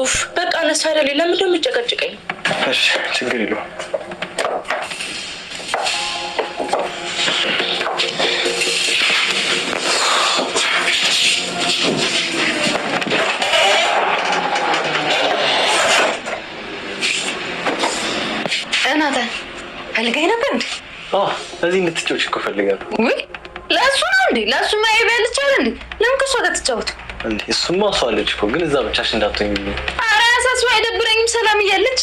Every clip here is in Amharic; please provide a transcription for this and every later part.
ኡፍ በቃ ነሳ አይደል? ለምን ደሞ ጨቀጭቀኝ? እሺ ችግር የለውም። ፈልገኝ ነበር እንዴ? እዚህ እንድትጫወች እኮ ፈልጋለሁ። ውይ ለእሱ ነው እንዴ? ለእሱ ማየቢያ ልቻለ እንዴ? ለምን ከሷ ጋር ትጫወቱ እሱማ እሷ አለች እኮ ግን እዛ ብቻሽ እንዳትሆኝ። ኧረ አሳስበው አይደብረኝም ሰላም እያለች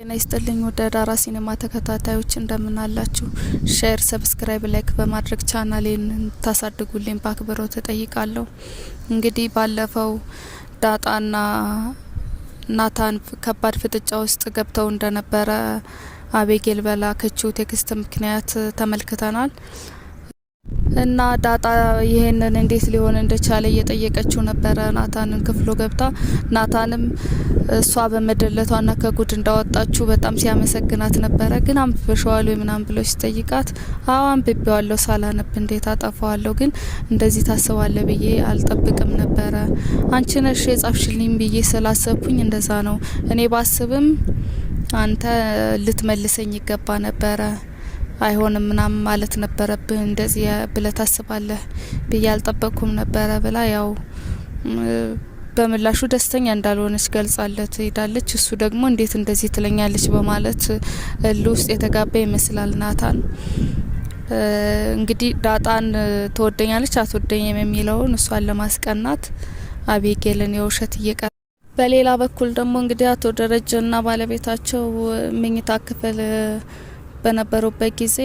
ጤና ይስጥልኝ ወደ ዳራ ሲኒማ ተከታታዮች እንደምናላችሁ፣ ሼር፣ ሰብስክራይብ፣ ላይክ በማድረግ ቻናሌን እንታሳድጉልኝ በአክብሮት እጠይቃለሁ። እንግዲህ ባለፈው ዳጣና ናታን ከባድ ፍጥጫ ውስጥ ገብተው እንደነበረ አቤጌል በላከችው ቴክስት ምክንያት ተመልክተናል። እና ዳጣ ይሄንን እንዴት ሊሆን እንደቻለ እየጠየቀችው ነበረ ናታንን ክፍሎ ገብታ። ናታንም እሷ በመደለቷና ከጉድ እንዳወጣችሁ በጣም ሲያመሰግናት ነበረ። ግን አንብበሸዋሉ ምናም ብሎ ሲጠይቃት አዎ አንብቤዋለሁ፣ ሳላነብ እንዴት አጠፋዋለሁ? ግን እንደዚህ ታስባለ ብዬ አልጠብቅም ነበረ። አንቺ ነሽ የጻፍሽልኝ ብዬ ስላሰብኩኝ እንደዛ ነው። እኔ ባስብም አንተ ልትመልሰኝ ይገባ ነበረ አይሆንም ምናምን ማለት ነበረብህ እንደዚህ ብለህ ታስባለህ ብዬ አልጠበቅኩም ነበረ ብላ ያው በምላሹ ደስተኛ እንዳልሆነች ገልጻለት ሄዳለች። እሱ ደግሞ እንዴት እንደዚህ ትለኛለች በማለት እል ውስጥ የተጋባ ይመስላል ናታን። እንግዲህ ዳጣን ትወደኛለች አትወደኝም የሚለውን እሷን ለማስቀናት አቤጌልን የውሸት እየቀ በሌላ በኩል ደግሞ እንግዲህ አቶ ደረጀና ባለቤታቸው መኝታ ክፍል በነበሩበት ጊዜ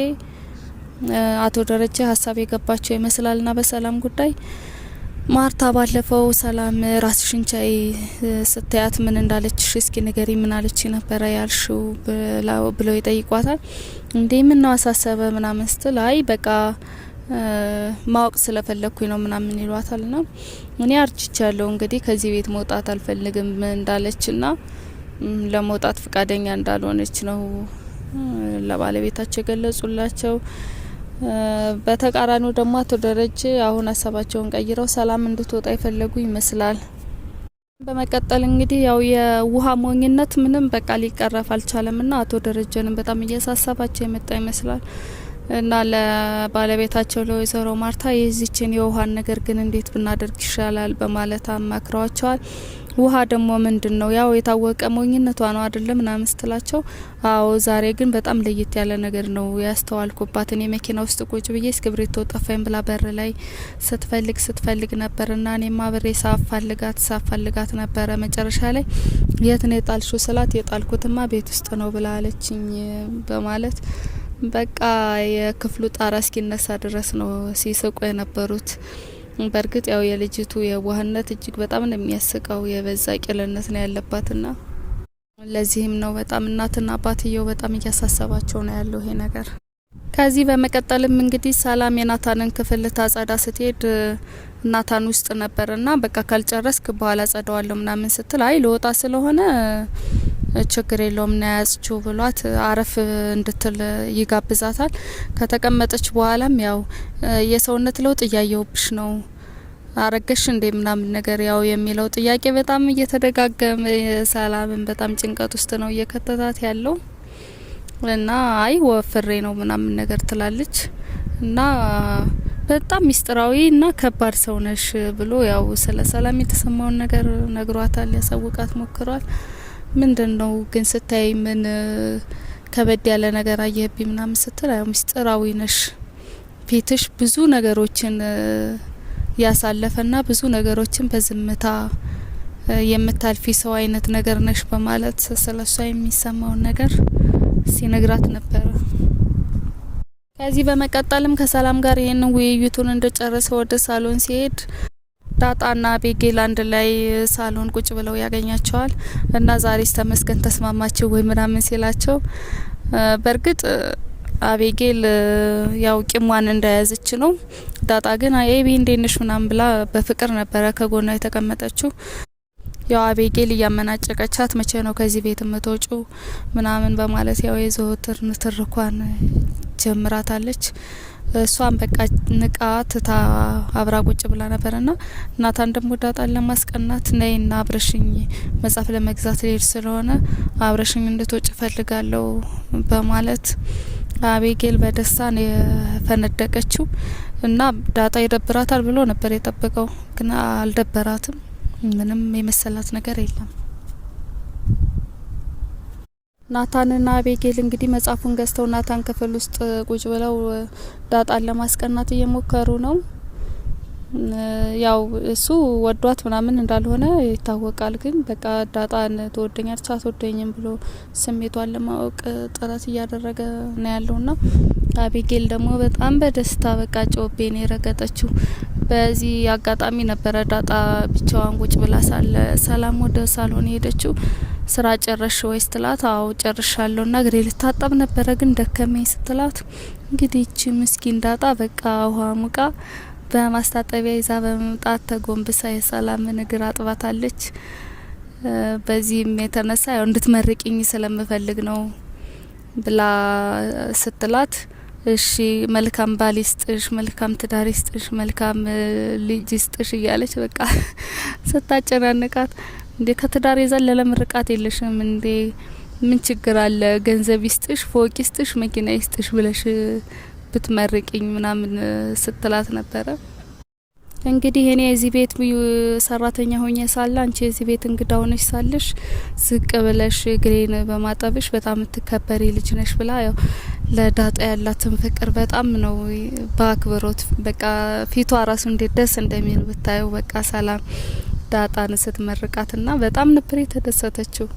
አቶ ደረጀ ሀሳብ የገባቸው ና በሰላም ጉዳይ ማርታ ባለፈው ሰላም ራስሽን ቻይ ስታያት ምን እንዳለችሽ እስኪ ንገሪ፣ ምን አለች ነበረ ያልሽው ብለው ይጠይቋታል። እንዴ ምን ነው አሳሰበ ምናምን ስትል አይ በቃ ማወቅ ስለፈለግኩኝ ነው ምናምን ይሏታል። ና እኔ አርጅቻለሁ እንግዲህ ከዚህ ቤት መውጣት አልፈልግም እንዳለች ና ለመውጣት ፈቃደኛ እንዳልሆነች ነው ለባለቤታቸው የገለጹላቸው። በተቃራኒው ደግሞ አቶ ደረጀ አሁን ሀሳባቸውን ቀይረው ሰላም እንድትወጣ የፈለጉ ይመስላል። በመቀጠል እንግዲህ ያው የውሃ ሞኝነት ምንም በቃ ሊቀረፍ አልቻለም ና አቶ ደረጀንም በጣም እያሳሰባቸው የመጣ ይመስላል እና ለባለቤታቸው ለወይዘሮ ማርታ የዚችን የውሃን ነገር ግን እንዴት ብናደርግ ይሻላል በማለት አማክረዋቸዋል። ውሃ ደግሞ ምንድን ነው ያው የታወቀ ሞኝነቷ ነው አደለ ምናምን ስትላቸው፣ አዎ ዛሬ ግን በጣም ለየት ያለ ነገር ነው ያስተዋልኩባት። እኔ መኪና ውስጥ ቁጭ ብዬ እስክብሪቶ ጠፋኝ ብላ በር ላይ ስትፈልግ ስትፈልግ ና እኔማ ብሬ ሳፋልጋት ሳፋልጋት ነበረ። መጨረሻ ላይ የት ነው የጣልሹ ስላት የጣልኩትማ ቤት ውስጥ ነው ብላ አለችኝ በማለት በቃ የክፍሉ ጣራ እስኪነሳ ድረስ ነው ሲስቁ የነበሩት። በእርግጥ ያው የልጅቱ የዋህነት እጅግ በጣም ነው የሚያስቀው። የበዛ ቂልነት ነው ያለባትና ለዚህም ነው በጣም እናትና አባትየው በጣም እያሳሰባቸው ነው ያለው ይሄ ነገር። ከዚህ በመቀጠልም እንግዲህ ሰላም የናታንን ክፍል ልታጸዳ ስትሄድ ናታን ውስጥ ነበርና በቃ ካልጨረስክ በኋላ ጸደዋለሁ ምናምን ስትል አይ ልወጣ ስለሆነ ችግር የለውም ና ያዝችው ብሏት አረፍ እንድትል ይጋብዛታል። ከተቀመጠች በኋላም ያው የሰውነት ለውጥ እያየውብሽ ነው አረገሽ እንዴ ምናምን ነገር ያው የሚለው ጥያቄ በጣም እየተደጋገመ ሰላምን በጣም ጭንቀት ውስጥ ነው እየከተታት ያለው እና አይ ወፍሬ ነው ምናምን ነገር ትላለች እና በጣም ሚስጥራዊ እና ከባድ ሰው ነሽ ብሎ ያው ስለ ሰላም የተሰማውን ነገር ነግሯታል፣ ያሳውቃት ሞክሯል። ምንድን ነው ግን ስታይ ምን ከበድ ያለ ነገር አየህብኝ ምናምን ስትል ያው ሚስጥራዊ ነሽ ፊትሽ ብዙ ነገሮችን ያሳለፈና ብዙ ነገሮችን በዝምታ የምታልፊ ሰው አይነት ነገር ነሽ በማለት ስለሷ የሚሰማውን ነገር ሲነግራት ነበረ። ከዚህ በመቀጠልም ከሰላም ጋር ይህንን ውይይቱን እንደጨረሰ ወደ ሳሎን ሲሄድ ዳጣና አቤጌል አንድ ላይ ሳሎን ቁጭ ብለው ያገኛቸዋል እና ዛሬስ ተመስገን ተስማማችሁ ወይ ምናምን ሲላቸው በእርግጥ አቤጌል ያው ቂሟን እንደያዘች ነው። ዳጣ ግን ኤቢ እንዴንሽ ምናምን ብላ በፍቅር ነበረ ከጎኗ የተቀመጠችው። ያው አቤጌል እያመናጨቀቻት መቼ ነው ከዚህ ቤት የምትወጪው ምናምን በማለት ያው የዘወትር ንትርኳን ጀምራታለች። እሷን በቃ ንቃ ትታ አብራ ቁጭ ብላ ና እናታን ደግሞ ዳጣን ለማስቀናት ነይና አብረሽኝ መጽሐፍ ለመግዛት ልሄድ ስለሆነ አብረሽኝ እንድትወጭ ፈልጋለሁ በማለት አቤጌል በደስታ ነው የፈነደቀችው። እና ዳጣ ይደብራታል ብሎ ነበር የጠበቀው፣ ግን አልደበራትም። ምንም የመሰላት ነገር የለም። ናታንና አቤጌል እንግዲህ መጽሐፉን ገዝተው ናታን ክፍል ውስጥ ቁጭ ብለው ዳጣን ለማስቀናት እየሞከሩ ነው። ያው እሱ ወዷት ምናምን እንዳልሆነ ይታወቃል። ግን በቃ ዳጣን ትወደኛለች አትወደኝም ብሎ ስሜቷን ለማወቅ ጥረት እያደረገ ነው ያለውና አቤጌል ደግሞ በጣም በደስታ በቃ ጮቤን የረገጠችው። በዚህ አጋጣሚ ነበረ ዳጣ ብቻዋን ቁጭ ብላ ሳለ ሰላም ወደ ሳሎን ሄደችው። ስራ ጨረሽ ወይ ስትላት አዎ ጨርሻለሁ ና እግሬ ልታጠብ ነበረ ግን ደከመኝ ስትላት እንግዲህ እቺ ምስኪን ዳጣ በቃ ውሃ ሙቃ በማስታጠቢያ ይዛ በመምጣት ተጎንብሳ የሰላምን እግር አጥባታለች። በዚህም የተነሳ ያው እንድትመርቅኝ ስለምፈልግ ነው ብላ ስትላት እሺ መልካም ባል ይስጥሽ፣ መልካም ትዳር ይስጥሽ፣ መልካም ልጅ ይስጥሽ እያለች በቃ ስታጨናንቃት እንዴ ከትዳር የዘለለ ምርቃት የለሽም እንዴ? ምን ችግር አለ? ገንዘብ ይስጥሽ፣ ፎቅ ይስጥሽ፣ መኪና ይስጥሽ ብለሽ ብትመርቅኝ ምናምን ስትላት ነበረ። እንግዲህ እኔ የዚህ ቤት ሰራተኛ ሆኜ ሳለ አንቺ የዚህ ቤት እንግዳ ሆነሽ ሳለሽ ዝቅ ብለሽ እግሬን በማጠብሽ በጣም የምትከበሪ ልጅ ነሽ ብላ ያው ለዳጣ ያላትን ፍቅር በጣም ነው በአክብሮት በቃ ፊቷ ራሱ እንዴት ደስ እንደሚል ብታየው በቃ ሰላም ዳጣን ስትመርቃትና በጣም ነበር የተደሰተችው።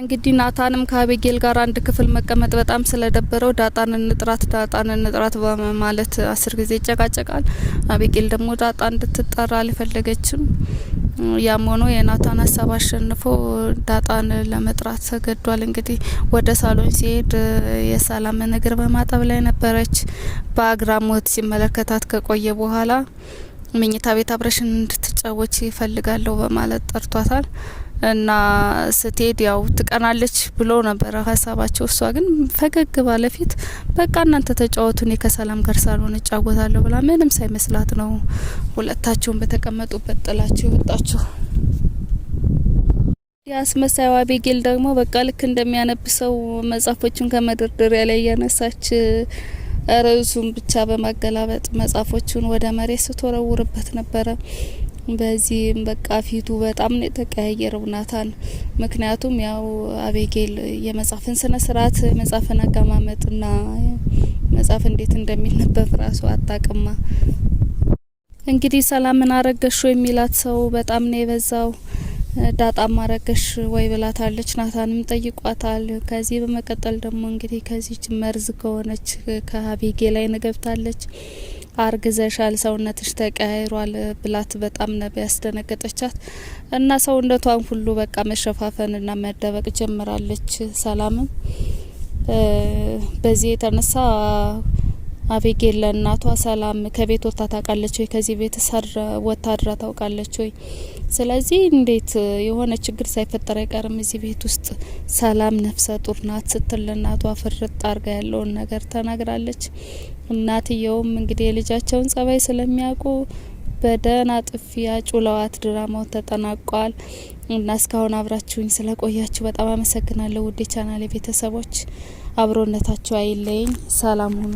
እንግዲህ ናታንም ከአቤጌል ጋር አንድ ክፍል መቀመጥ በጣም ስለደበረው ዳጣን እንጥራት ዳጣን እንጥራት በማለት አስር ጊዜ ይጨቃጨቃል። አቤጌል ደግሞ ዳጣ እንድትጠራ አልፈለገችም። ያም ሆኖ የናታን ሀሳብ አሸንፎ ዳጣን ለመጥራት ተገዷል። እንግዲህ ወደ ሳሎን ሲሄድ የሰላምን እግር በማጠብ ላይ ነበረች። በአግራሞት ሲመለከታት ከቆየ በኋላ መኝታ ቤት አብረሽን እንድትጫወች ይፈልጋለሁ በማለት ጠርቷታል እና ስትሄድ ያው ትቀናለች ብሎ ነበረ ሀሳባቸው። እሷ ግን ፈገግ ባለፊት በቃ እናንተ ተጫወቱ፣ እኔ ከሰላም ጋር ሳልሆን እጫወታለሁ ብላ ምንም ሳይመስላት ነው ሁለታቸውን በተቀመጡበት ጥላቸው የወጣቸው። የአስመሳይዋ አቤጌል ደግሞ በቃ ልክ እንደሚያነብሰው መጽሐፎቹን ከመደርደሪያ ላይ እያነሳች ርዕሱን ብቻ በማገላበጥ መጽሐፎቹን ወደ መሬት ስትወረውርበት ነበረ። በዚህም በቃ ፊቱ በጣም ነው የተቀያየረው ናታን። ምክንያቱም ያው አቤጌል የመጽሐፍን ስነ ስርዓት መጽሐፍን አቀማመጥና መጽሐፍ እንዴት እንደሚነበብ ራሱ አታቅማ። እንግዲህ ሰላምን አረገሹ የሚላት ሰው በጣም ነው የበዛው። ዳጣ ማረገሽ ወይ ብላታለች። ናታንም ጠይቋታል። ከዚህ በመቀጠል ደግሞ እንግዲህ ከዚች መርዝ ከሆነች ከሀቢጌ ላይ ንገብታለች አርግዘሻል፣ ሰውነትሽ ተቀያይሯል ብላት በጣም ነበር ያስደነገጠቻት እና ሰውነቷን ሁሉ በቃ መሸፋፈንና መደበቅ ጀምራለች። ሰላምም በዚህ የተነሳ አቤጌል ለእናቷ ሰላም ከቤት ወጥታ ታውቃለች ወይ? ከዚህ ቤት ሰር ወታድራ ታውቃለች ወይ? ስለዚህ እንዴት የሆነ ችግር ሳይፈጠር አይቀርም እዚህ ቤት ውስጥ ሰላም ነፍሰ ጡር ናት ስትል ለእናቷ ፍርጥ አርጋ ያለውን ነገር ተናግራለች። እናትየውም እንግዲህ የልጃቸውን ጸባይ ስለሚያውቁ በደህና ጥፊ ያጩለዋት ድራማው ተጠናቋል። እና እስካሁን አብራችሁኝ ስለቆያችሁ በጣም አመሰግናለሁ። ውዴ ቻናል ቤተሰቦች አብሮነታችሁ አይለየኝ። ሰላም ሁኑ።